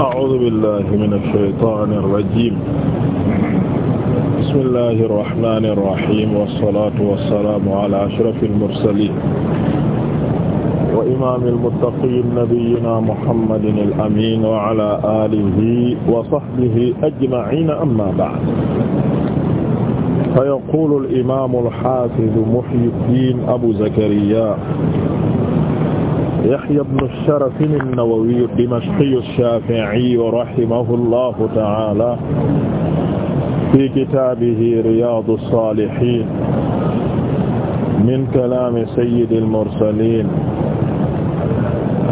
أعوذ بالله من الشيطان الرجيم بسم الله الرحمن الرحيم والصلاة والسلام على أشرف المرسلين وإمام المتقين نبينا محمد الأمين وعلى آله وصحبه أجمعين أما بعد فيقول الإمام الحافظ محي الدين أبو زكريا Yahya ibnu Sharaf an-Nawawi ad-Dimashqi ash-Shafi'i rahimahullahu ta'ala fi kitaabihi Riyaadu s-Saalihiin min kalaami sayyidil mursaliin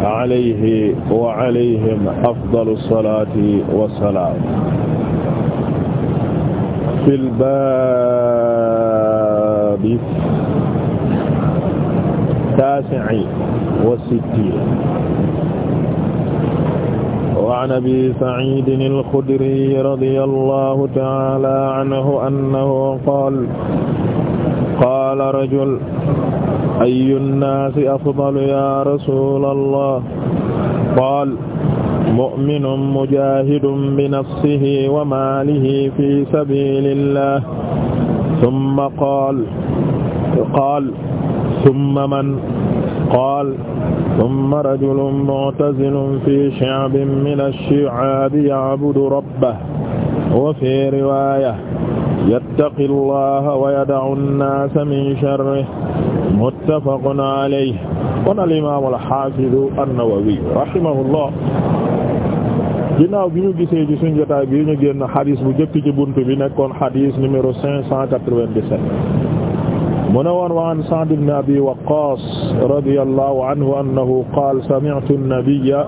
alayhi wa alayhim afdalu salaati wa salaam fil baabi taasi'i wa sittiin wa an abi sa'iidin al-Xudri radiyallaahu ta'aalaa anhu annahu qaala qaala rajul ayyu nnaasi afdalu yaa rasuulallaah qaala mu'minun mujaahidun binafsihi wa maalihi fii sabiilillaah summa qaala qaala tumma man qaal tumma rajulun mu'tazilun fii shi'bin mina ash-shi'aabi ya'budu rabbahu wa fii riwaaya yattaqi llaha wa yada'u nnaasa min sharrihi muttafaqun alayhi kon al-imaam al-haafidu an-Nawawi rahimahullah ginnaaw bi ñu gisee ci suñu jotaay bi ñu génn xadis bu jëkk ci bunt bi nekkoon xadis numéro 597 mu ne woon wa an Sa'd ibn Abi Waqqas radiyallahu anhu annahu qaala sami'tu an-nabiyya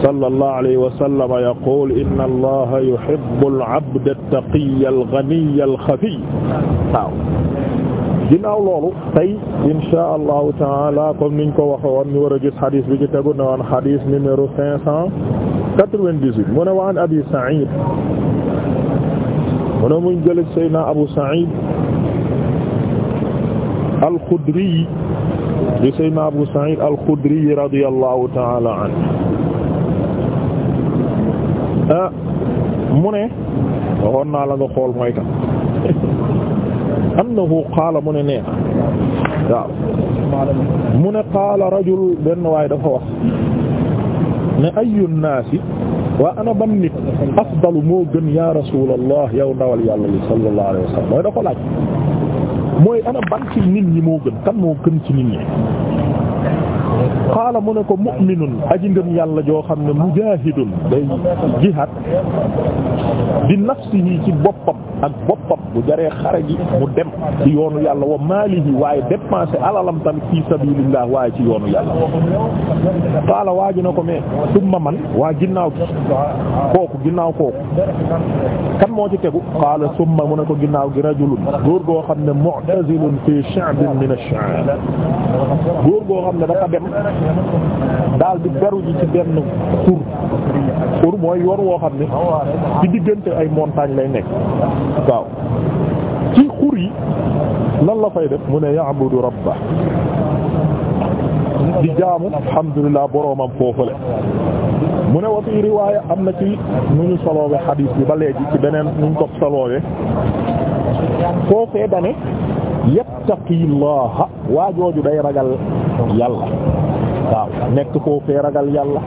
sallallahu alayhi wa sallam yaqulu inna Allaha yuhibbu al-'abda at-taqiyya al-ghaniyya al-khafiyya waaw ginnaaw loolu tey inshaa Allahu ta'ala comme niñ ko waxe woon ñu war a gis xadis bi ci tegu ne woon xadis numéro cinq cent quatre-vingt-dix-huit mu ne wa an Abi Sa'id mu ne mu jël Seydina Abu Sa'id alxudri di saydna Abu Saïd alxudri radiyallahu taala anhu ah mu ne waxoon naa la nga xool mooy kan annahu qaala mu ne nee waaw mu ne qaala rajul benn waay dafa wax ne ayu nnaasi waa ana ban nit afdalu moo gën ya rasulallah yow ndawal yàlla li sallallahu alayhi wa sallam mooy da ko laaj mooy ana ban ci nit ñi moo gën kan moo gën ci nit ñi xaala mu ne ko mu'minun aji ngëm yàlla joo xam ne mujaahidun day jihaad bi nafsihi ci boppam ak boppam bu jaree xare ji mu dem ci yoonu yàlla wa maalihi waaye dépenser alalam tamit fi sabilillah waaye ci yoonu yàlla qaala waaju na ko mais summa man waa ginnaaw ki kooku ginnaaw kooku kan moo ci tegu qaala summa mu ne ko ginnaaw gi rajulun góor goo xam ne mu'tazilun fi sha'bin min ash-sha'ab góor goo xam ne dafa dem daal di beru ji ci benn xur xur mooy yoon woo xam ne ci diggante ay montagne lay nekk waaw ci xur yi lan la fay def mu ne ya'budu rabba di jaamu alhamdulilah boroomam foofale mu ne wa fi riwaaya am na ci nu ñu soloowe xadiis bi ba léegi ci beneen nu ñu ko soloowe foofee dane yattaqillaha waa jooju day ragal yàlla waaw nekk foofee ragal yàlla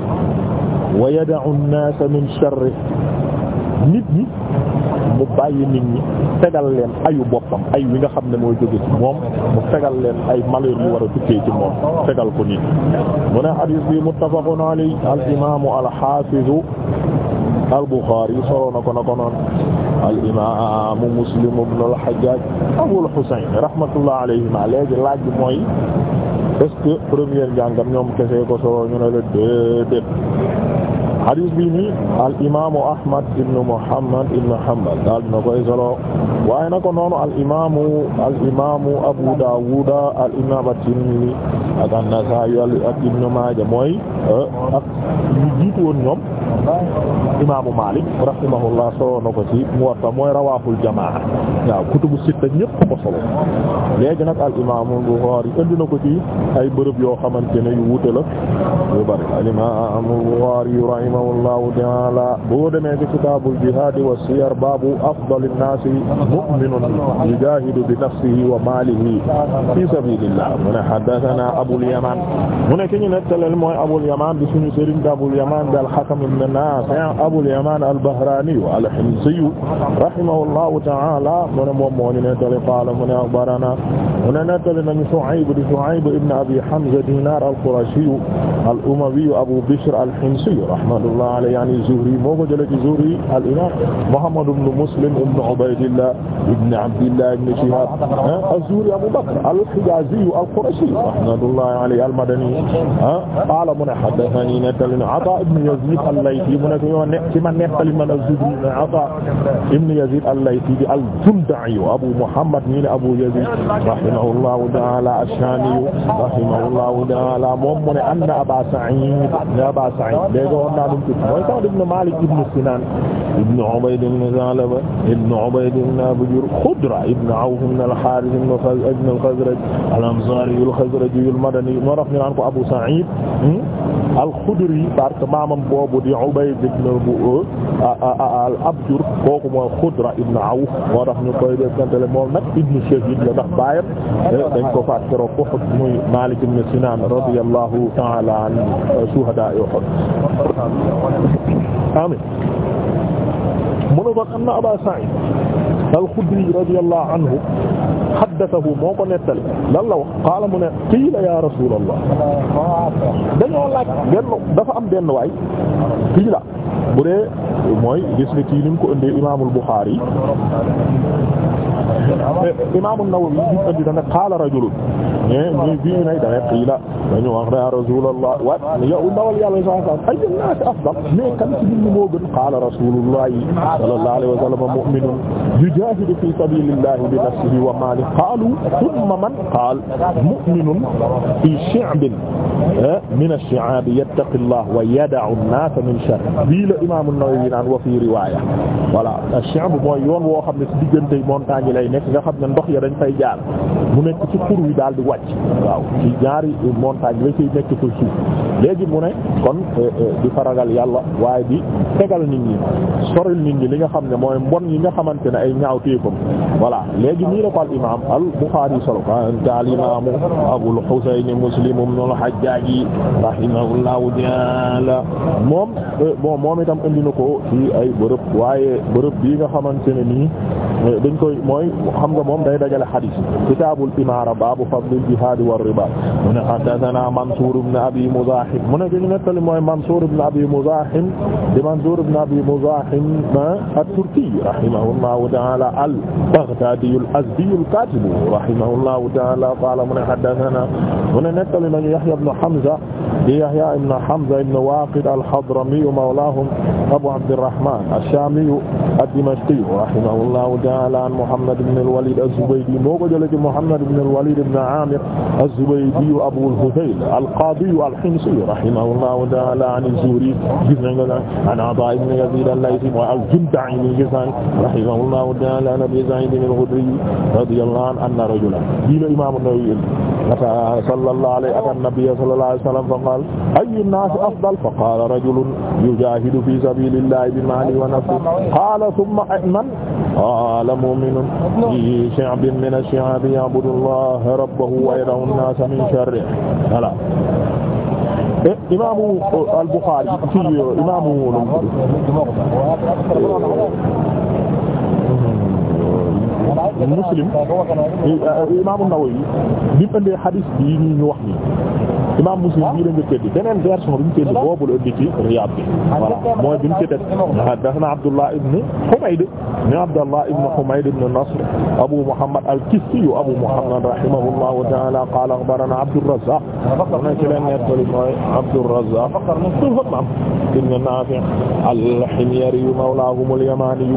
wa yada'u an-naasa min sharrihi nit ñi mu bàyyi nit ñi fegal leen ayu boppam ay wi nga xam ne moo jóge ci moom mu fegal leen ay malheur yu war a tukkee ci moom fegal ko nit mu ne hadis bi muttafaqun alayhi al imaamu al xaafizu al buxaari solo na ko na ko noon muslim ibnu al hajjaaj abul husayn rahmatullah alayhima léegi laaj bi mooy est-ce que première ñoom kese ko solo ñu ne la déedéet hadis bi nii al imaamu Ahmad ibn Muhammad ibn Hanbal daal dina koy solo waaye na ko noonu al imaamu al imaamu Abu Dawud al imaam at-Tirmidhi ak an-Nasaa'i ak Ibn Maaja mooy eh, ak ñu jiitu woon ñoom imaamu Maalik rahimahullah solo na ko ci Muwatta mooy rawaahul jamaa waaw kutubu sitta ñépp ko solo léegi nag al imaamu Buxaari indi na ko ci ay bërëb yoo xamante ne yu wuute la yu bari al imaamu Buxaari rahimahullahu ta'ala boo demee ci kitaabul jihaad wa siyar baabu afdal an-naasi mu'minun yujaahidu bi nafsihi wa maalihi fii sabiilillah mu ne haddathanaa Abul Yamaan mu ne ki ñu nettalel mooy Abul Yamaan di suñu sëriñ Abul Yamaan di al-Hakam ibn Naafi' Abul Yamaan al-Bahraani al-Himsi rahimahullahu ta'ala mu ne moom moo ñu nettali qaala mu ne akhbaranaa mu ne nettali nañu Shu'ayb di Shu'ayb ibn Abi Hamza Diinaar al-Qurashi al-Umawi Abu Bishr al-Himsi rahmatullah alayhi an Zuhri moo ko jëlee ci Zuhri al imam Muhammad ibn Muslim ibn Ubaydillah ibn Abdillah ibn Shihab ah, az-Zuhri Abu Bakr al-Hijazi al-Qurashi rahmatullah alayhi al-Madani ah, qala mu ne haddathani nettali ne Ata ibn Yazid al-Laythi mu ne ko yow ne ci ma nettali man az-Zuhri ne Ata ibn Yazid al-Laythi di al-Jundai Abu Muhammad ñi ne Abu Yazid rahimahullahu ta'ala ash-Shami rahimahullahu ta'ala moom mu ne anna Aba Sa'id Aba Sa'id al-Qudsi mooy Sa'd ibn Malik ibn Sinan ibn Ubayd ibn Zalaba ibn Ubayd ibn Abjur Khudra ibn Awf ibn al-Harith ibn al-Khazraj al-Ansari al-Khazraji al-Madani moo tax ñu naan ko Abu Sa'id hmm? al-Xudri parce que maamam boobu di Ubayd ibn euh, al-Abjar kooku mooy Xudra ibn Awf moo tax ñu koy dégganteel moom nag ibn Shahid la ndax baayam euh, dañ ko faat keroog Uhud muy Maalik ibn Sinaan radiyallahu ta'ala an shuhadaa Uhud amiin mu ne kon am na Abaa Sa'iid al-Xudri radiyallahu anhu xaddatahu moo ko nettali lan la wax qaala mu ne qiila ya rasulallah dañoo laaj benn dafa am benn waay qiila bu dee mooy gis nga kii ni mu ko indee imaamul Buxaari imaamu Nawawi bi mu indi da ne qaala rajulun mais ñuy bii nay da ne qiila dañu wax ya rasulallah wa yow ndawal yàlla sallallahu alayhi wa sallam ayyu naas afdal mais kan ci nit ñi moo gën qaala rasulullah sallallahu alayhi wa sallam mu'minun yujahidu fi sabilillah bi nafsihi wa Maalik qaalu summa man qaal mu'minun fii shi'bin min ash-shi'aab yattaqi llaah wa yada'u an-naasa min sharr bii la imaam an-Nawawi naan wa fii riwaaya voilà ash-shi'b mooy yoon woo xam ne ci diggante montagne lay nekk nga xam ne ndox ya dañ fay jaar mu nekk ci xur wi daal di wàcc waaw ci ñaari montagne la ciy nekk fa suuf léegi mu ne kon eh, eh, di faragal yàlla waaye di tegal nit ñi soril nit ñi li nga xam ne mooy mbon yi nga xamante ne ay ñaawteefam voilà léegi nii la ko al imaam al Buxaari solo kan al imaam Abul Husayn Muslim ibn al Hajjaj rahimahullahu ta'ala moom euh, bon moom itam indi na ko ci ay bërëb waaye bërëb bii nga xamante ne nii euh, dañ koy mooy xam nga moom day dajale xadiis kitaabul imaara baabu fadlil jihaad war ribaat mu ne haddasanaa Mansuur ibn Abi Muzaahim mu ne ñu nettali mooy Mansuur ibn Abi Muzaahim di Mansuur ibn Abi Muzaahim ah, at-Turki rahimahullahu ta'ala al-Baghdaadi al-Azdi al-Kuufiyul kaatib rahimahullahu ta'aala qaala mu ne haddathanaa mu ne nettali nañu Yahya ibn Hamza di Yahya ibn Hamza ibn Waaqid al-Hadramiyu mawlaahum Abu Abdirrahmaan ash-Shaamiyu ad-Dimashqiyu rahimahullahu ta'aala an Muhammad ibn al-Waliid az-Zubaydi moo ko jëlee ci Muhammad ibn al-Waliid ibn Aamir az-Zubaydiyu Abu al-Hudayl al-Qaadiyu al-Himsiyu rahimahullahu ta'aala an az-Zuhri gis nañ ko an Ataa ibn Yaziid al-Laythi wa al-Jundai rahimahullahu ta'aala an Abi Sa'iid al-Khudri radiyallahu anhu anna rajulan bi la imam an-Nawawi ata sallallahu alayhi ata an-nabiy sallallahu alayhi wa sallam fa qala ayyu an-nasi afdal fa qala rajulun yujahidu fi sabilillahi bi malihi wa nafsihi qala thumma man qala mu'minun fi shi'bin min ash-shi'ab ya'budu allaha rabbahu wa yad'u an-nasa min sharrihi voilà imaamu al-Bukhari ci imaamu Muslim Imaam An-Nawawi bi mu ëndee xadiis bi ñu wax nii imam muslim bii la nga tëdd beneen version bi mu tëdd boobu la indi ci Riyad bi voilà mooy bi mu ci teg haddathana Abdullah ibn Humayd ni Abdullah ibn Humayd ibn Nasr Abu Muhammad al-Kissi yu Abu Muhammad rahimahullahu ta'ala qala akhbarana Abdurrazzaq na ci leen nettali mooy Abdurrazzaq ibn Nafi' al-Himyari mawlahum al-Yamani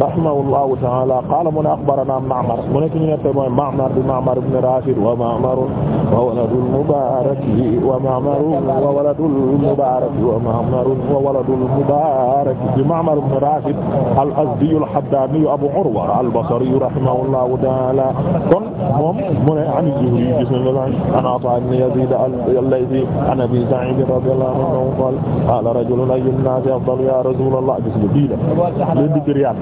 rahimahullahu ta'ala qala mu ne akhbarana Ma'mar mu ne ci ñu nettali mooy Ma'mar bi Ma'mar ibn Rashid wa Ma'mar wa waladul Mubarak wa Ma'marun wa waladul Mubarak wa Ma'marun wa waladul Mubarak di Ma'mar ibn Rashid al-Azdi al-Haddami Abu Urwa al-Basri rahimahullahu ta'ala kon moom mu ne an Zuhri gis nañ la an Ata ibn Yazid al-Laythi an Abi Sa'id radiyallahu anhu qala qala rajulun ayyu an-nasi afdal ya Rasulullah gis nga bii la leen di Riyad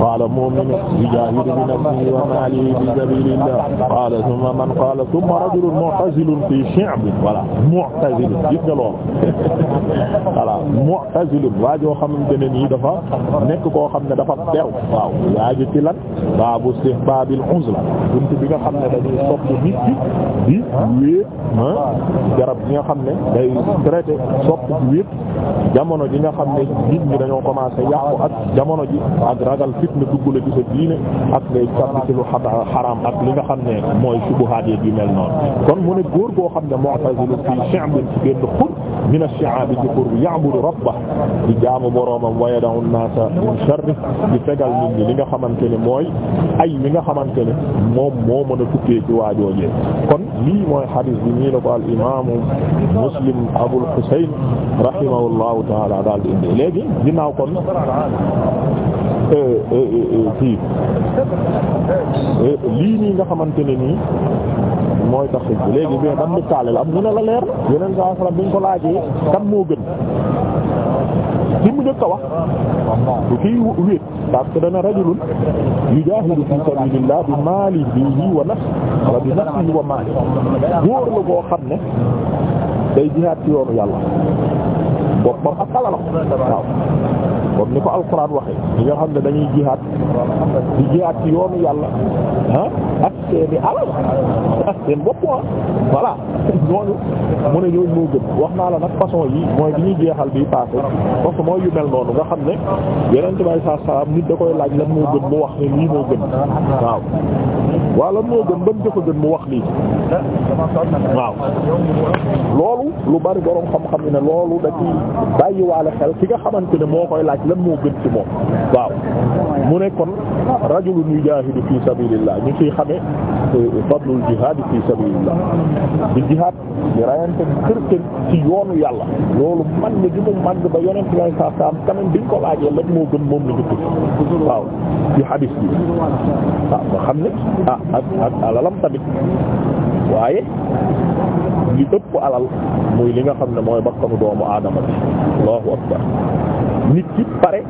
qala mu'minun yujahidu bi nafsihi wa malihi fi sabilillah qala thumma man qala thumma rajulun mu'tazilun fi shi'bi voilà mu'tazil gis nga lool voilà mu'tazil waa joo xamante ne nii dafa nekk koo xam ne dafa teew waaw waaju ci lan baabu istihbaabil uzla buntu bi nga xam ne dañuy sopp nit bi di wéet garab bi nga xam ne day traité sopp ci wéet jamono ji nga xam ne nit ñi dañoo commencé yàqu ak jamono ji ak ragal fitna dugg la ci sa diine ak ngay sàpp ci lu xaraam ak li nga xam ne mooy subuhaat yi mel noonu kon mu ne góor goo xam ne mu'tazil fi shi'b benn xur min ash-shi'ab ci xur bi ya'budu rabbahu di jaamu boroomam wa yada'u an-naasa min sharri di fegal nit ñi li nga xamante ne mooy ay mi nga xamante ne moom moo mën a tukkee ci waajoojee kon lii mooy xadiis bi nii la ko al imaamu Muslim Abul Husayn rahimahullahu ta'ala daal di indi léegi ginnaaw kon euh, euh, euh, kii lii nii nga xamante ne nii mooy tax léegi bi ban lëkkaale la am mu ne la leer yeneen saa salaam bi ñu ko laajee kan moo gën ci mu njëkk a wax du kii wéet parce que dana rajulun yujaahidu fi sabilillah bi maalihi bi nafsihi wa maalihi góor la boo xam ne day ci yoonu yàlla waaw comme ni ko alxuraan waxee ñi nga xam ne dañuy jihaat di jihaat ci yoonu yàlla ah ak seeni alal ak seen bopp ah voilà ñooñu mu ne ñooñu moo gën wax naa la nag façon yi mooy bi jeexal bi passé parce que mooy yu mel noonu nga xam ne yeneen bay saa salaam nit da koy laaj lan moo gën mu wax ne lii moo gën waaw waaw lan moo gën ban jëfa gën mu wax lii waaw loolu lu bari boroom xam-xam ne loolu da ci bàyyiwaale xel ki nga xamante ne moo koy laaj lan moo gën ci moom waaw mu ne kon rajulun yujahidu fi sabilillah ñu ciy xame euh, fadlul jihad fi sabilillah di jihad di rayante kërten ci yoonu yàlla loolu man na gi mu màgg ba yonent lay sa saam tamit biñ ko laajee lan moo gën moom la njëkk waaw ci hadis bi waaw nga xam ne ah alalam tamit waaye li ëpp alal muy li nga xam ne mooy bakkanu doomu aadama bi allahu akbar nit ki pare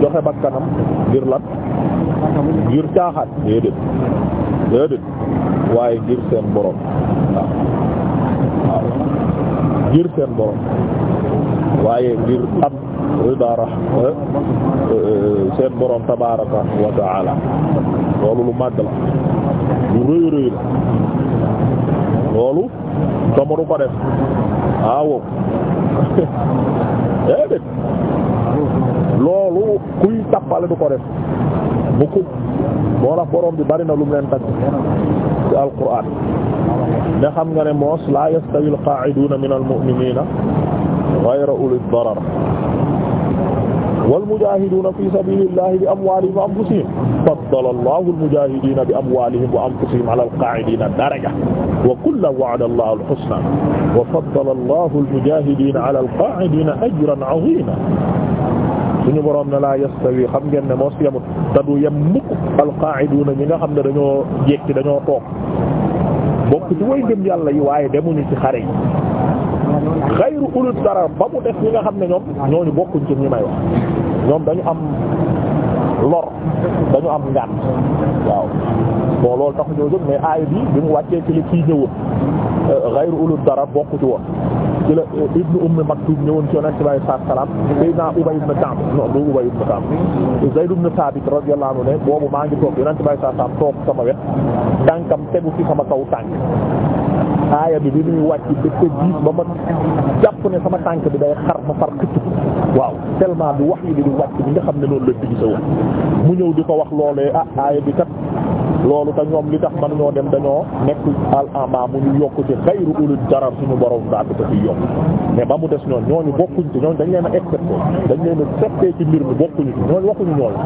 joxe bakkanam ngir lan ngir caaxaan déedéet déedéet waaye ngir seen borom waaw waaw ngir seen borom waaye ngir am rida eh, eh, seen borom tabaraka wa taala loolu lu màgg la lu rëy rëy la loolu sama du ko def ah, waaw loolu kuy tappale du ko def bu ko la borom bi bari na lu mu leen tagg ci ne xam nga ne moos la yastawi alqa'iduna min almu'minina ghayra ulil darar wal mujaahiduuna fi sabiilillaahi bi amwaalihim wa anfusihim faddala llaahu al-mujaahidiina bi amwaalihim wa anfusihim alaa al-qaa'idiina daraja wa kullan wa'ada llaahu al-husnaa wa faddala llaahu al-mujaahidiina alaa al-qaa'idiina ajran 'aziimaa suñu borom ne laa yastawi xam ngeen ne mos yemut te du yem mukk al-qaa'iduuna ñi nga xam ne dañoo jékki dañoo toog bokk ci way gëm yàlla yi waaye demuñu ci xare yi xayru ulul darar ba mu def ñi nga xam ne ñoom ñooñu bokkuñ ci ñi may wax ñoom dañu am lor dañu am ngànt waaw bon loolu tax ñoo jóg mais aaya bi bi mu wàccee ci la kii ñëwoon euh, ghayru ulul dara bokku ci woon ci la euh, ibnu ummi maktum ñëwoon ci yonent bi alayhi salaatu salaam sayyidina ubay ibn ka'b non du ubay ibn ka'b zayd ibn thabit radiyallahu anhu ne boobu maa ngi toog yonent bi alayhi salaatu salaam toog sama wet tànkam tegu ci sama kaw tànk aaya bi bi muy wàcc dafa diis ba ma jàpp ne sama tànk bi day xar ma far xëcc waaw tellement bi wax yi bi di wàcc bi nga xam ne noonu la digg sa mu ñëw di ko wax loolee ah aaya bi kat loolu te ñoom li tax man ñoo dem dañoo nekk al ama bu ñu yokk ci xayru ulul darar suñu borom daal di ko ciy yokk mais ba mu des ñooñu ñooñu bokkuñ ci ñooñu dañ leen a excepté dañ leen a seppee ci mbir mi bokkuñu ci ñooñu waxuñu ñooñu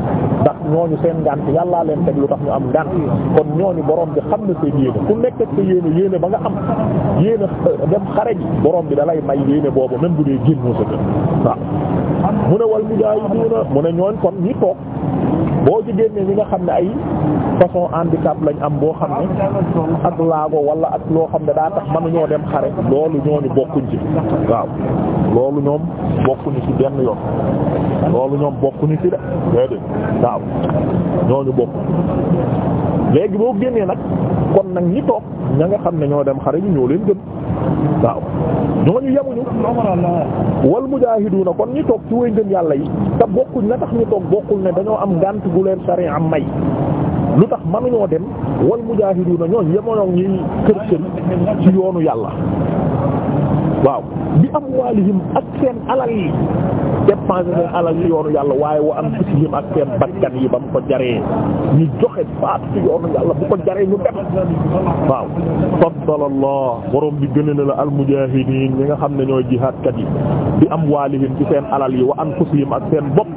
ndax ñooñu seen ngànt yàllaa leen teg lu tax ñu am ngànt kon ñooñu borom bi xam na seen yéene ku nekk sa ba nga am yéene dem xare ji boroom bi da lay may yéene boobu même bu dee génnoo sa kër waaw mu ne wal mujaahiduuna mu ne ñooñ kon ñi toog boo ci génnee ñi nga xam ne ay façon handicap lañ am boo xam ne ak laago wala ak loo xam ne daa tax mënuñoo dem xare loolu ñooñu bokkuñ ci waaw ñoom bokkuñu ci benn yoon loolu ñoom bokkuñu ci de waaw ñooñu bokk léegi boo génnee nag kon nag ñi toog ña nga xam ne ñoo dem xare ñu ñoo leen gën waaw ñooñu yemuñu wal mujaahiduuna kon ñi toog ci way gën yàlla yi te bokkuñ tax ñu toog bokkul ne dañoo am ngànt gu leen sari am may lu tax mënuñoo dem wal mujaahiduuna ñooñ yemoon ñuy kër kër ci yoonu yàlla waaw bi am waalihim ak seen alal yi dépensé seen alal yi yoonu yàlla waaye wa am ak seen bakkan yi ba mu ko jaree ñu joxe faat ci yoonu yàlla bu ko jaree ñu dem waaw faddalallah borom bi gën na almujaahidiin ñi nga xam ne ñooy jihaadkat yi bi am waalihim ci seen alal yi wa anfusihim ak seen bopp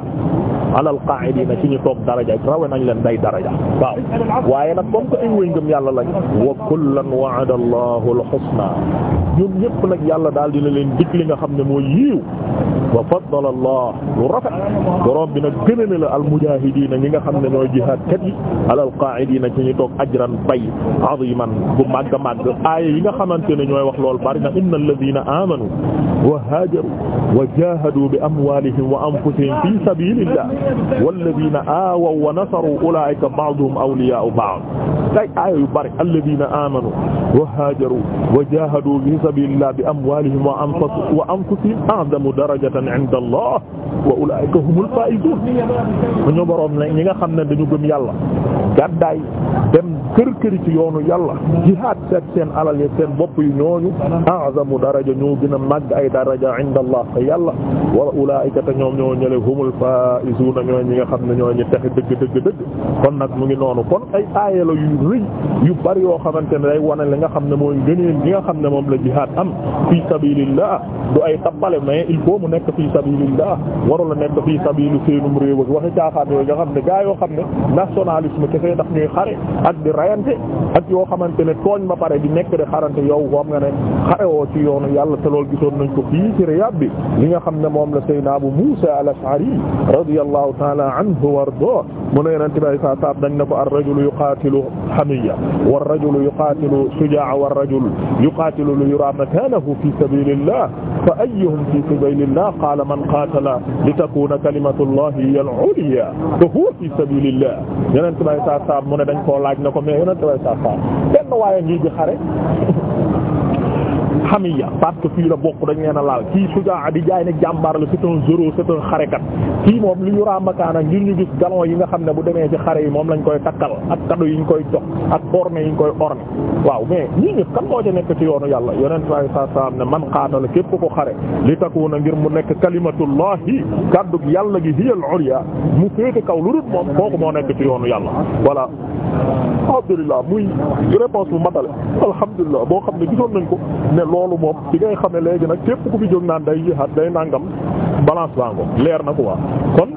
alal qa'idina ci ñu toog daraja rawe nañ leen day daraja waaw waaye nag comme que ay wëy ngëm yàlla lañ wa kullan wa'ada Allahu al-husna ñun ñëpp nag yàlla daal dina leen dig li nga xam ne mooy yiiw wa faddala allah lu rafet borom bi nag gën a ne la al mujaahidiina ñi nga xam ne ñooy jihaadkat yi alal qaa'idiina ci ñu toog ajran bay aziman bu màgg a màgg aaya yi nga xamante ne ñooy wax loolu bari na inna alladiina aamanu wa haajaru wa jaahadu bi amwaalihim wa anfusihim fii sabiilillah walladiina aawaw wa nasaru ulaa'ika ba'duhum awliyaa'u ba'd ay aaya yu bari alladina amanu wa haajaru wa jahadu fi sabilillah bi amwalihim wa anfusihim wa anfusihim a'zamu darajatan 'inda allah wa ulaika humul faizun ñu boroom la ñi nga xam ne dañu gëm yàlla gàddaay dem kër këri ci yoonu yàlla jihaad seet seen alal yi seen bopp yu ñooñu a'zamu daraja ñoo gën a màgg ay daraja 'inda allah fa yàlla wa ulaika te ñoom ñoo ñële humul faizun ñoo ñi nga xam ne ñoo ñi tax dëgg dëgg dëgg kon nag mu ngi noonu kon ay aaya la yu rëy yu bar yoo xamante ne day wane li nga xam ne mooy gëneen li nga xam ne moom la jihaad am fii sabilillah du ay tappale mais il faut mu nekk fii sabilillah warul a nekk fii sabili seenum réew ak waxi caaxaan yooyu nga xam ne gaa yoo xam ne nationalisme kese ndax ñuy xare ak di rayante ak yoo xamante ne tooñ ba pare di nekk di xarante yow xam nga ne xare woo ci yoonu yàlla te lool gisoon nañ ko fii ci Riyad bi nga xam ne moom la Seydina Abu Musa al-Ash'ari radiyallahu ta'ala anhu warda mu ne yonente bi sallallahu alayhi wasallam dañ ne ko ar-rajulu yuqatilu hamiya war rajulu yuqatilu shujaa'a war rajulu yuqatilu li yuraa makaanahu fi sabilillah fa ayyuhum fi sabilillah qaala man qaatala li takuuna kalimatullahi hiya al-'ulyaa fa huwa fi sabilillah yonent bi saa saa mu ne dañ koo laaj na ko mais yonent bi saa saa benn waaye ngi ji xare xamiya parce que fii la bokk dañ leen a laal kii sujaa di jaay ne jàmbaar la c'est un zéro c'est kii moom li ñu raamakaana ngir ñu gis galon yi nga xam ne bu demee ci xare yi moom lañ koy takkal ak kado yi ñu koy jox ak orne yi ñu koy orne waaw mais ñii ñëpp kan moo ci nekk ci yoonu yàlla yonent bi saa saa ne man qaatala képp ko xare li takuna ngir mu nekk kalimatullahi kaddu yàlla gi hiya al-ulya mu féete kaw lu dul moom kooku moo nekk ci yoonu yàlla voilà alhamdulillah muy loolu moom ci ngay xam ne léegi nag képp ku fi jóg naan day jihaad day nangam balance baa ngo leer na quoi kon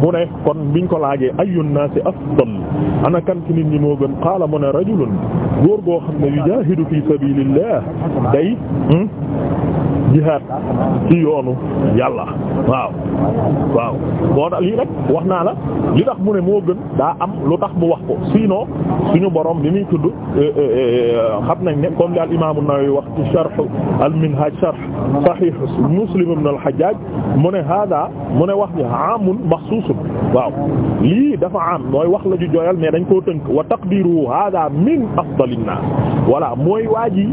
mu ne kon biñ ko laajee ayyun naasi afdal ana kan ci nit ñi moo gën qaala mu ne rajulun góor goo xam ne yujahidu fi sabilillah day hmm? jihaad ci yoonu yàlla waaw waaw moo tax lii rek wax naa la li tax mu ne moo gën daa am lu tax mu wax ko sinon suñu borom bi muy tudd euh, euh, euh, xam nañ ne comme li al imaamu Nawawi wax ci sharh al minhaj sharh sahih muslim ibn al hajjaj mu ne hada mu ne wax ni amun maxsuusun waaw lii dafa am mooy wax la ju jooyal mais dañ koo tënk wa taqdiru hada min afdalin nas voilà mooy waaji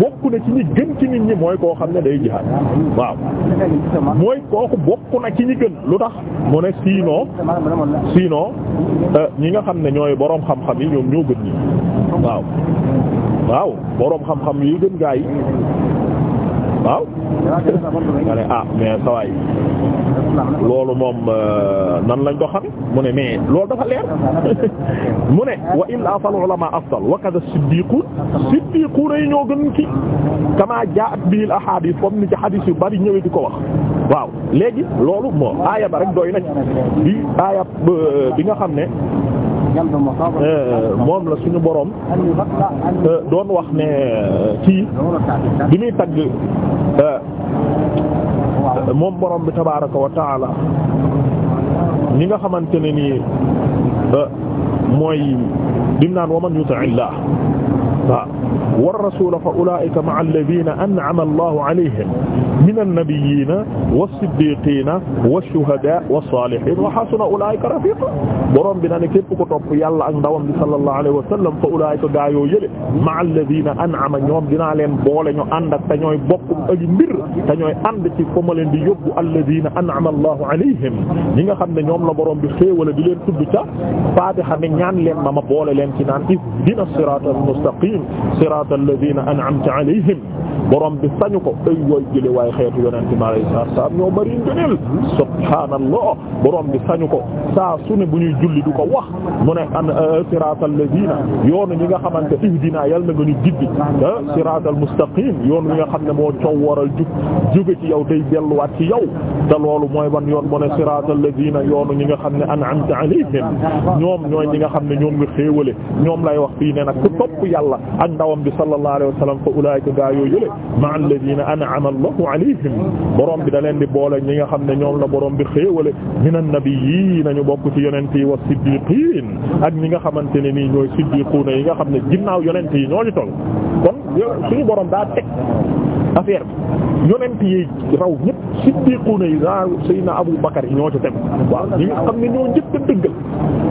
bokk na ci ñi gën ci nit ñi mooy koo xam ne day jihaad waaw mooy kooku bokk na ki ñi gën lu tax mu ne sinon sinon euh, ñi nga xam ne ñooy boroom xam-xam yi ñoom ñoo gën ñi waaw waaw boroom xam-xam yi gën gaa waaw ma ne ah sawaay loolu moom euh, nan lañ ko xam mu ne mais loolu dafa leer mu ne wa illa fal ulama afdal wa kadha siddiqun siddiqun yi ñoo gën ki kama ja'at bil ahadith comme ni ci hadith yu bari ñëwee di ko wax waaw léegi loolu moo aaya ba rek doy nañ bi aaya euh, bi nga xam ne euh, moom la suñu boroom doon wax ne kii bi muy tagg moom borom bi tabaaraka wa taala ñi nga xamante ne nii euh, mooy dim naan wa man yuti' llah wa rasula fa ulaa'ika ma'a alladhina an'ama allahu alayhim min annabiyyiina was-siddiqiina wash-shuhadaa was-saalihiin wa hasuna ulaa'ika rafiiqa borom bi na ne képp ko topp yàlla ak ndawam bi sallallahu alayhi wa sallam fa ulaa'ika gaa yoo yële ma'a allaziina an'ama ñoom dinaa leen boole ñu ànd ak te ñooy bokk aji mbir te ñooy ànd ci fa ma leen di yóbbu allaziina an'ama allahu alayhim ñi nga xam ne ñoom la borom bi xéewal di leen tudd ca Faatiha ne ñaan leen ma ma boole leen ci naan ihdina siraatal mustaqiim siraatal laziina an'amta alayhim borom bi sañu ko ay way jële waay waaye xeetu yonente mi alayhi salaatu salaam ñoo bari ngëneel subhaanallah borom bi sañu ko saa su ne bu ñuy julli du ko wax mu ne an eh, siraatal lazina yoonu ñi nga xamante ihdina yal na nga ñu giddi eh, siraatal mustaqim yoonu ñi nga xam ne moo coow waral jug jóge ci yow tey delluwaat ci yow te loolu mooy ban yoon mu ne siraatal lazina yoonu ñi nga xam ne an'amta alayhim ñoom ñooy ñi nga xam ne ñoom nga xéewale ñoom lay wax fii ne nag ku topp yàlla ak ndawam bi sallallahu alayhi wa sallam fa ulaa'ika gaa yoo yële ma'a alladhina an'ama Allahu alayhim borom bi da leen di boole ñi nga xam ne ñoom la borom bi xéewale minan nabiyyin nañu bokk ci yonent yi wa siddiqiin ak ñi nga xamante ne nii ñooy siddiquuna yi nga xam ne ginnaaw yonent yi ñoo ci toll kon suñu borom daa teg affaire bi ñëpp siddiquuna yi ah, yi ñoo ci teg waaw ñi nga xam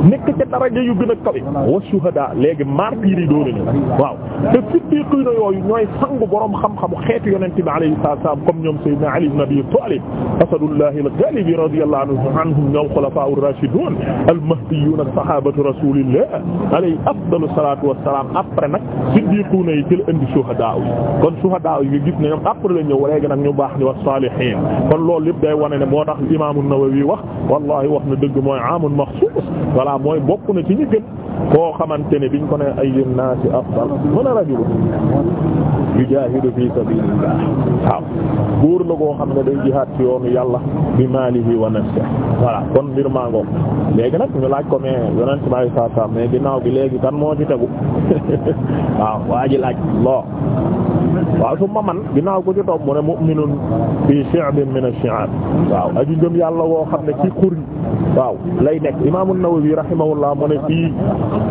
nekk ca daraja yu gën a kawe wa shuhada léegi martyrs yi doon nañu waaw te siddiquuna yooyu ñooy sangu borom xam-xamu xeetu yonent bi alayhi salaam comme ñoom Seydina Ali ibn Abi Talib asadullahi al-ghalibi radiyallahu anhum ñoom xulafaa ar-rashidun al-mahdiyun sahabatu rasulillah alayhi afdalu salatu wassalam après nag siddiquna yi ci la indi shuhada yi kon shuhada yi nga gis ne ñoom après la ñëw léegi nag ñu baax ni wa salihin kon loolu lépp day wane ne moo tax imam an-Nawawi wax wallahi wax na dëgg mooy amun maxsuus voilà mooy bokk na ci ñu gën koo xamante ne biñ ko ne ay yén naa si afdal mën a rajulu yujaahidu fi sabilillah waaw buur la koo xam ne day jihaad ci yoonu yàlla bi maalihi wa nafsi voilà kon mbir mango léegi nag ñu laaj ko mais yonent bi sallallahu alayhi wasallam mais ginnaaw bi léegi kan moo ci tegu waaw waa ji laaj loo waaw su ma man ginnaaw ko ci topp mu ne mu'minun fi shi'bin min ash-shi'ab waaw aji gëm yàlla woo xam ne ci xur waaw lay nekk Imam An-Nawawi mu ne fii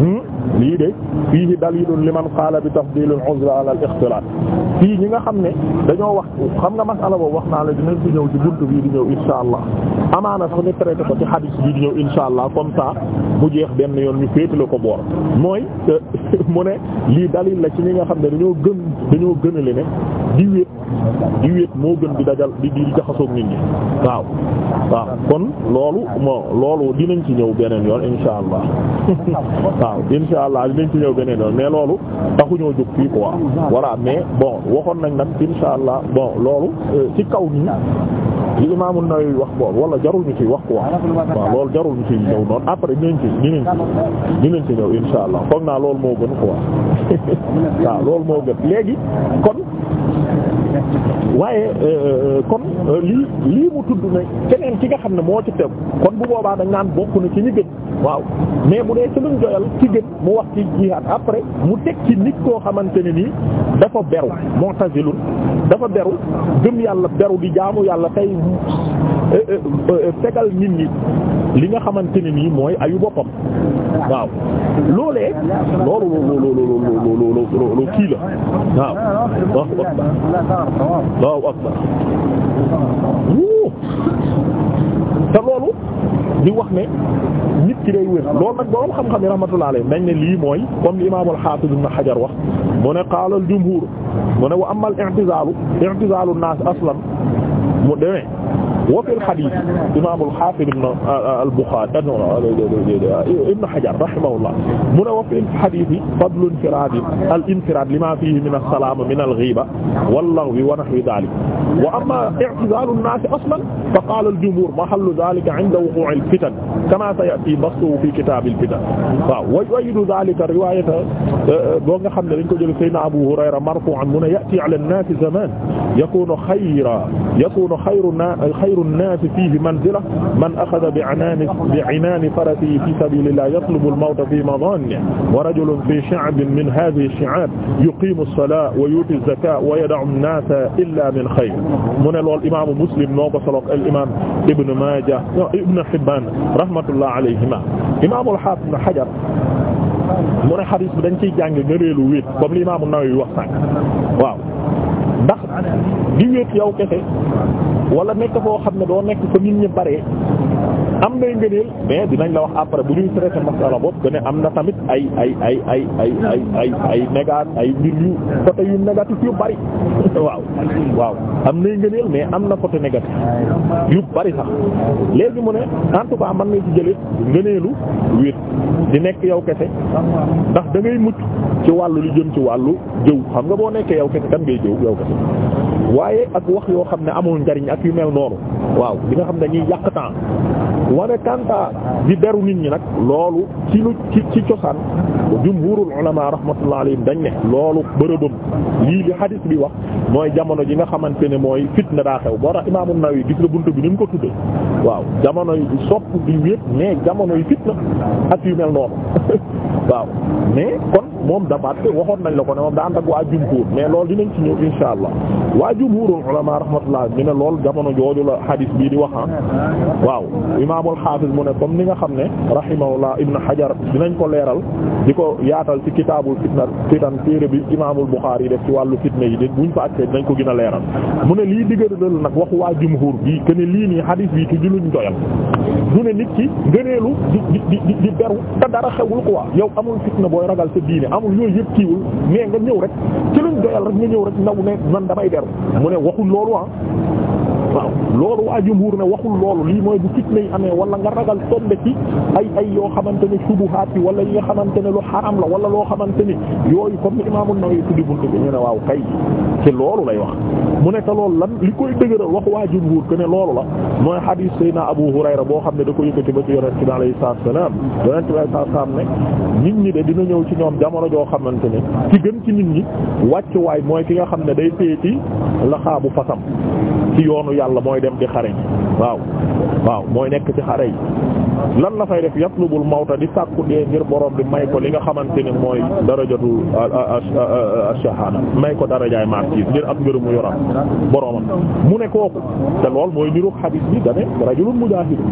hmm? lii de fiihi dalilun liman qaala bi tafdilil uzra ala al ixtilaat fii ñi nga xam ne dañoo wax xam nga masala boobu wax naa la dinañ ci ñëw ci buntu bii di ñëw insha allah amaana sax ñu traité ko ci xadis bii di ñëw insha allah comme ça mu jeex benn yoon ñu féetale ko boor mooy euh, mu ne lii dalil la ci ñi nga xam ne dañoo gën dañoo gënale ne di wéet di wéet moo gën di dajal di di jaxasoog nit ñi waaw waaw kon loolu moo loolu dinañ ci ñëw beneen yoo insha insha allah dinañ ci ñëw beneen yoon mais loolu taxuñoo jóg fii quoi voilà mais bon waxoon nañ nag insha allah bon loolu euh, ci kaw nii li Imaam An-Nawawi wax boobu wala jarul ñu ci wax quoi waaw loolu jarul ñu ci ñëw noonu après dinañ ci dinañ ci dinañ ci ñëw insha allah foog naa loolu moo gën quoi waa loolu moo gën léegi kon waaye euh, euh, kon euh, lii lii mu tudd ne keneen ki nga xam ne moo ci tegu kon bu boobaa dañ naan bokk na ci ñi gën waaw mais bu dee ci luñ joyal ci gën mu wax ci jihaad après mu teg ci nit koo xamante ne nii dafa beru mu'tazilun dafa beru gëm yàlla beru di jaamu yàlla tey fegal euh, euh, euh, nit ñi li nga xamante ne nii mooy ayu boppam waaw loolee loolu loolu loolu loolu kii la waaw Allahu akbar Allahu akbar te loolu di wax ne nit ki day wér loolu nag boroom xam-xam yi rahmatullah alayhi nañ ne lii mooy comme li imaam al-Hafiz ibn Hajar wax mu ne qaala al-jumhur mu ne wa amma al-i'tizalu i'tizalu an-nas aslan mu demee wa fil hadith imaam al-Hafiz ibn uh, uh, al-Bukhari uh, ibn Hajar rahimahullah mu ne wa fil hadith fadlu infiraad al-infiraad lima fihi min as-salaam min al-ghiiba wal-laghwi wa nahwi dhalik wa amma i'tizaal an-naas aslan fa qaala al-jumhuur mahallu dhaalika 'inda wuquu' al-fitan kamaa saya'tii basṭuhu fii kitaab al-fitan waaw wa yu'ayyidu dhaalika riwaayata boo nga xam ne dañ ko jël Sayyidina Abu Hurayra marfuu'an mu ne ya'tii 'alaa an-naas zamaan yakuunu khayran yakunu xayru na xayru nnaasi fiihi manzila man axada bi inaani bi inaani farasihi fi sabiilillah yatlubu al-mawta fi madaanihi wa rajulun fi shi'bin min haadihi ash-shi'aab yuqiimu as-salaata wa yu'tii az-zakaata wa yada'u an-naasa illaa min xayr mu ne lool imaamu Muslim noo ko solo al imaam Ibn Maaja Ibn Hibbaan rahmatullahi alayhimaa imaam al-Haafiz Ibn Hajar mu ne hadiis bi dañ ciy jàng ngëneelu wéet comme li imaamu Nawawi wax sànq waaw ndax di wéet yow kese wala nekk foo xam ne doo nekk fa nit ñi bare am nay ngëneel mais dinañ la wax après bu ñuy traiter masala bopp que ne am na tamit ay ay ay ay ay ay ay ay négat ay mbir yu côté yu négatif yu bari waaw waaw am nay ngëneel mais am na côté négatif yu bari sax léegi mu ne en tout cas mën na ci jële ngëneelu wéet di nekk yow kese ndax da ngay mucc ci wàllu lu jëm ci wàllu jëw xam nga boo nekkee yow kese kan ngay jëw yow kese waaye ak wax yoo xam ne amul njariñ ak yu mel noonu waaw li nga xam ne dañuy yàq temps wane kanta di deru nit ñi nag loolu ci lu ci ci cosaan jumhurul ulama rahmatullah alayhim dañ ne loolu bërëbam lii li hadis bi wax mooy jamono ji nga xamante ne mooy fitna daa xew boo tax imaamu Nawawi gis la bunt bi ni mu ko tudde waaw jamono yi sopp di wéet mais jamono yi fitna ak yu mel noonu waaw mais kon moom dafaat te waxoon nañ la ko ne moom daa ànd ak waa jumhuur mais loolu dinañ ci ñëw insha allah waa jumhuurul ulamaa rahmatullah ñu ne lool jamono jooju la hadis bii di wax na ah. waaw imaamul xaafis mu ne comme ni nga xam ne rahimahullah ibn hajar dinañ ko leeral di ko yaatal ci kitaabul fitna fitan téere bi imaamul buxaari yi def ci wàllu fitna yi de buñ fa accee dinañ ko gën a leeral mu ne lii diggadal nag waxu waa jumhuur bii que lii nii hadis bii ci juluñ doyal du ne nit ki ngëneelu di di di di beru te dara xewul quoi yow amul fitna booy ragal sa diine amul yooyu yëpp kiiwul mais nga ñëw rek ci luñ doyal rek nga ñëw rek ndaw ne man damay der mu ne waxul loolu ah waaw loolu waa jumhur ne waxul loolu lii mooy bu fitna yi amee wala nga ragal tombe ci ay ay yoo xamante ne subuhaat yi wala yi nga xamante ne lu xaram la wala loo xamante ni yooyu comme Imaam An-Nawawi tuddi buntu bi ñu ne waaw kay ci loolu lay wax mu nekk te loolu lan li koy dëgëral wax waa jumhur que ne loolu la mooy hadith Seydina Abu Hurayra boo xam ne da ko yëkkati ba ci yonent bi alayhi salaatu wa salaam yonent bi alayhi salaatu wa salaam ne nit ñi de dina ñëw ci ñoo jamono joo xamante ne ci gën ci nit ñi wàcc waay mooy ki nga xam ne day téye ci laxaabu ci yoonu yàlla mooy dem di xare waaw waaw mooy nekk ci xare yi lan la fay def yatlubul mawta di sàkku dee ngir borom bi may ko li nga xamante ne mooy darajatu a shahada may ko darajaay martyr ngir am ngërëmu yoram boromam mu ne kooku te lool mooy niru xadiis bi dane rajulun mujaahidu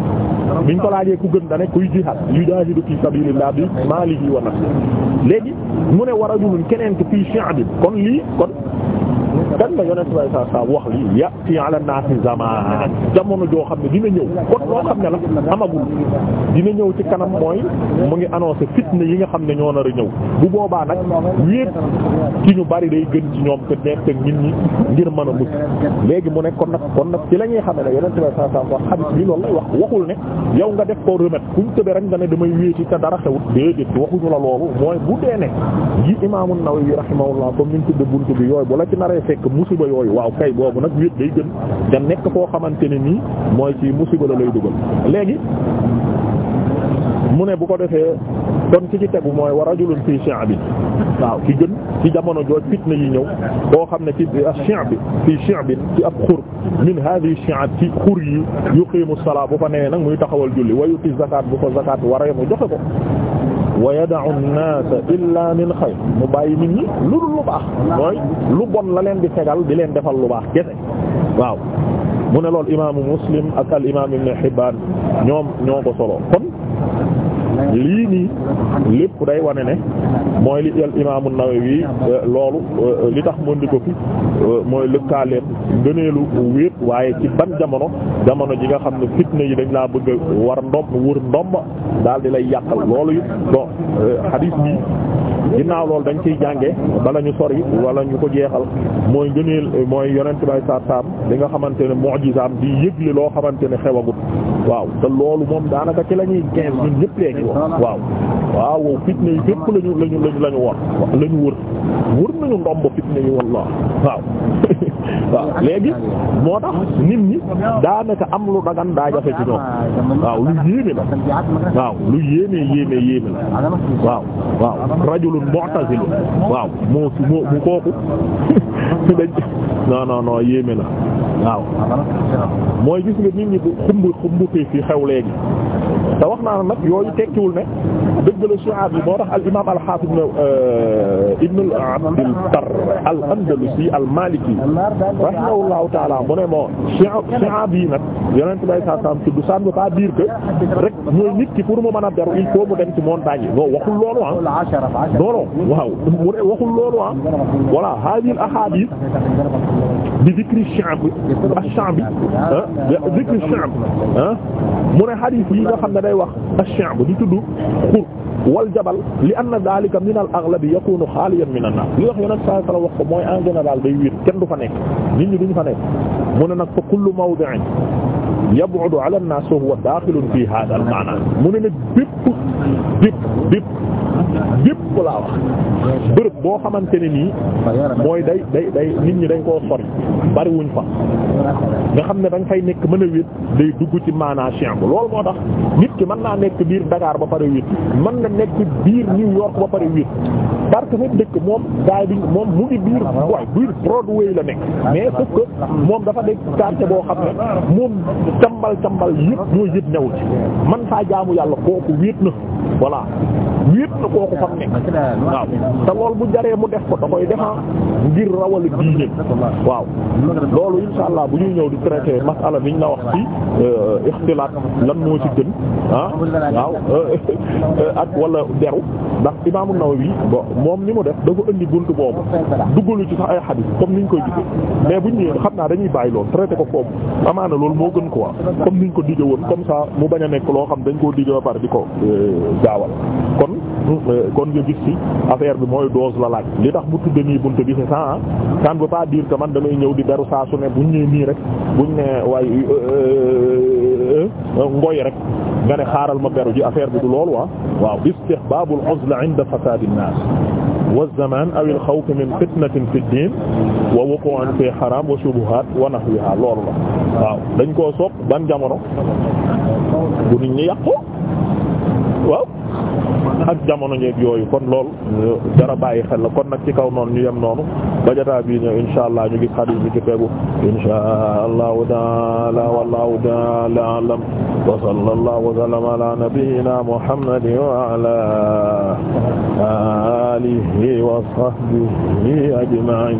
biñ ko laajee ku gën dane kuy jihaad yujaahidu fi sabilillah bi maalihi wa nafsihi léegi mu ne wa rajulun keneen ki fii shi'bi kon lii kon kan la yonent bi saa saa wax lii ya'ti ala naasi zamaan jamono joo xam ne dina ñëw kon loo xam ne la amagul dina ñëw ci kanam mooy mu ngi annoncé fitna yi nga xam ne ñoo nar a ñëw bu boobaa nag wéet ci ñu bari day gën ci ñoom te nekk ak nit ñi ngir mën a mucc léegi mu ne kon nag kon nag ci la xam ne yonent bi saa saa wax xadis bi loolu wax waxul ne yow nga def ko remède kuñ tëbe rek nga ne damay wéeti te dara xewut déedéet waxuñu la loolu mooy bu dee ne yi Imaam An-Nawawi rahimahullah comme nekk musiba yooyu waaw kay boobu nag wéet day gën te nekk koo xamante ne nii mooy ci musiba la lay dugal léegi mu ne bu ko defee kon ki ci tegu mooy wa rajulun fii bi waaw ki gën ci jamono jooj fitna yi ñëw boo xam ne ci shi'bi fii bi ci ab xur min hadhihi shi'ab ci xur yi yuqimu salaa bu fa newee nag muy taxawal julli wa yuti zakat bu ko zakat waree mu joxe ko wa yada'u an-naasa illaa min xayr mu bàyyi nit ñi lu dul lu baax mooy lu bon la leen di tegal di leen defal lu baax kese waaw mu ne loolu imaamu muslim ak al imaam ibn Hibbaan ñoom ñoo ko solo kon lii nii lépp day wane ne mooy li al imaamu Nawawi euh, loolu euh, li tax mu di ko fi euh, mooy lëkkaaleem gëneelu wéet waaye ci ban jamono jamono ji nga xam ne fitna yi dañ laa bëgg war ndom wër ndom daal di lay yàqal loolu it bon hadith bi ginnaaw loolu dañ ciy jànge bala ñu sori wala ñu ko jeexal mooy gëneel mooy yonent bay saab saab li nga xamante ne mu'jizaam di yëgle loo xamante ne xewagut waaw te loolu moom daanaka ci lañuy quinze ñun ñëpp waaw waaw wow fitna yi fépp lañu lañu lañu lañu wor wër wër ndomb fitna yi wallah waaw léegi moo tax nit ñi daanaka am lu dagan daa jafe ci ñoom waaw lu yéeme la waaw lu yéeme yéeme la waaw waaw rajulun mu'tazilun waaw moo mu kooku dañ non yéeme la waaw mooy gis nga nit ñi bu xumb xumb fii xew léegi te wax naa nag yooyu tekkiwul ne dëgg la Shihaab yi boo tax al imaam al haafid euh, ibn Abdil Barr al Andalusi al Maliki rahimahullahu taala mu ne moo Shihaab yi nag Yonent bi sallallahu alayhi wasallam tudd ça ne veut pas dire que rek mooy nit ki pour mu mën a beru il faut mu dem ci montagne yi non waxul loolu ah. non non waaw mu ne waxul loolu ah voilà haadihil ahaadiis bi dikri Shihaab ash-Sha'bi ah, dikri Shihaab ah mu ne hadiis yi nga xam ne day wax ash-Shihaab di tudd xur. wal jabal li anna daalika min al aghlabi yakunu xaaliyan min an-naas li wax yonent saa sala wax ko mooy en général day wéet kenn du fa nekk nit ñi duñu fa nekk mu ne nag fa kullu mawdi'in yab'udu 'ala an-naas wa huwa daaxilun fi haadha al-ma'na mu ne nag bépp bépp bépp yépp laa wax bërëb boo xamante ne nii mooy day day day nit ñi dañ koo sori bariwuñ fa nga xam ne danga fay nekk mën a wét day dugg ci maanaa chien bu loolu moo tax nit ki man naa nekk biir ndakaar ba pare wét man na nekk biir New York ba pare wét parce que nag dëkk moom gaay bi moom mu ngi biir waaye biir Broadway la nekk mais sauf moom dafa nekk quartier boo xam ne moom cambal cambal yëpp ñoo yëpp ñëw ci man faa jaamu yàlla kooku wét na voilà wét na fa mu nekk waaw te loolu bu jaree mu def ko da koy defaa ah, ngir rawali diine waaw loolu insha allah bu ñuy ñëw di traiter masala biñ la wax ci euh, ixtilaat lan moo ci gën ah waaw euh, ak wala deru ndax imaamu Nawawi bon moom ni mu def dafa indi bunt boobu duggalu ci sax ay xadiis comme niñ koy gisee mais bu buñ ñëwee xam naa dañuy bàyyi loolu traiter ko foofu amaana loolu moo gën quoi comme niñ ko dige woon comme ça mu bañ a nekk loo xam dañ koo dige ba pare di ko euh, Euh, kon nga gis ci affaire bi mooy dose la laaj li tax bu tudde nii buntu bi c'est ça ça ne veut pas dire man damay ñëw di beru saa su ne buñ ñëwee nii rek buñ ne euh, euh, rek nga ne xaaral ma beru ji affaire bi du loolu wa ah. waaw istihbabul uzla inda fasadin nas wa zaman aw la waaw dañ koo sopp ban jamono bu nit ñi yàqu waaw ak jamono njeeg yooyu kon lool dara euh, bàyyi xel la kon nag ci kaw noonu ñu yem noonu ba jotaa bii ñëw insha allah ñu gis hadith bi ci fegu insha allahu taala wallahu taala alam wa sallallahu wa sallama ala nabiyyina muhammadin wa ala alihi wa sahbihi ajma'in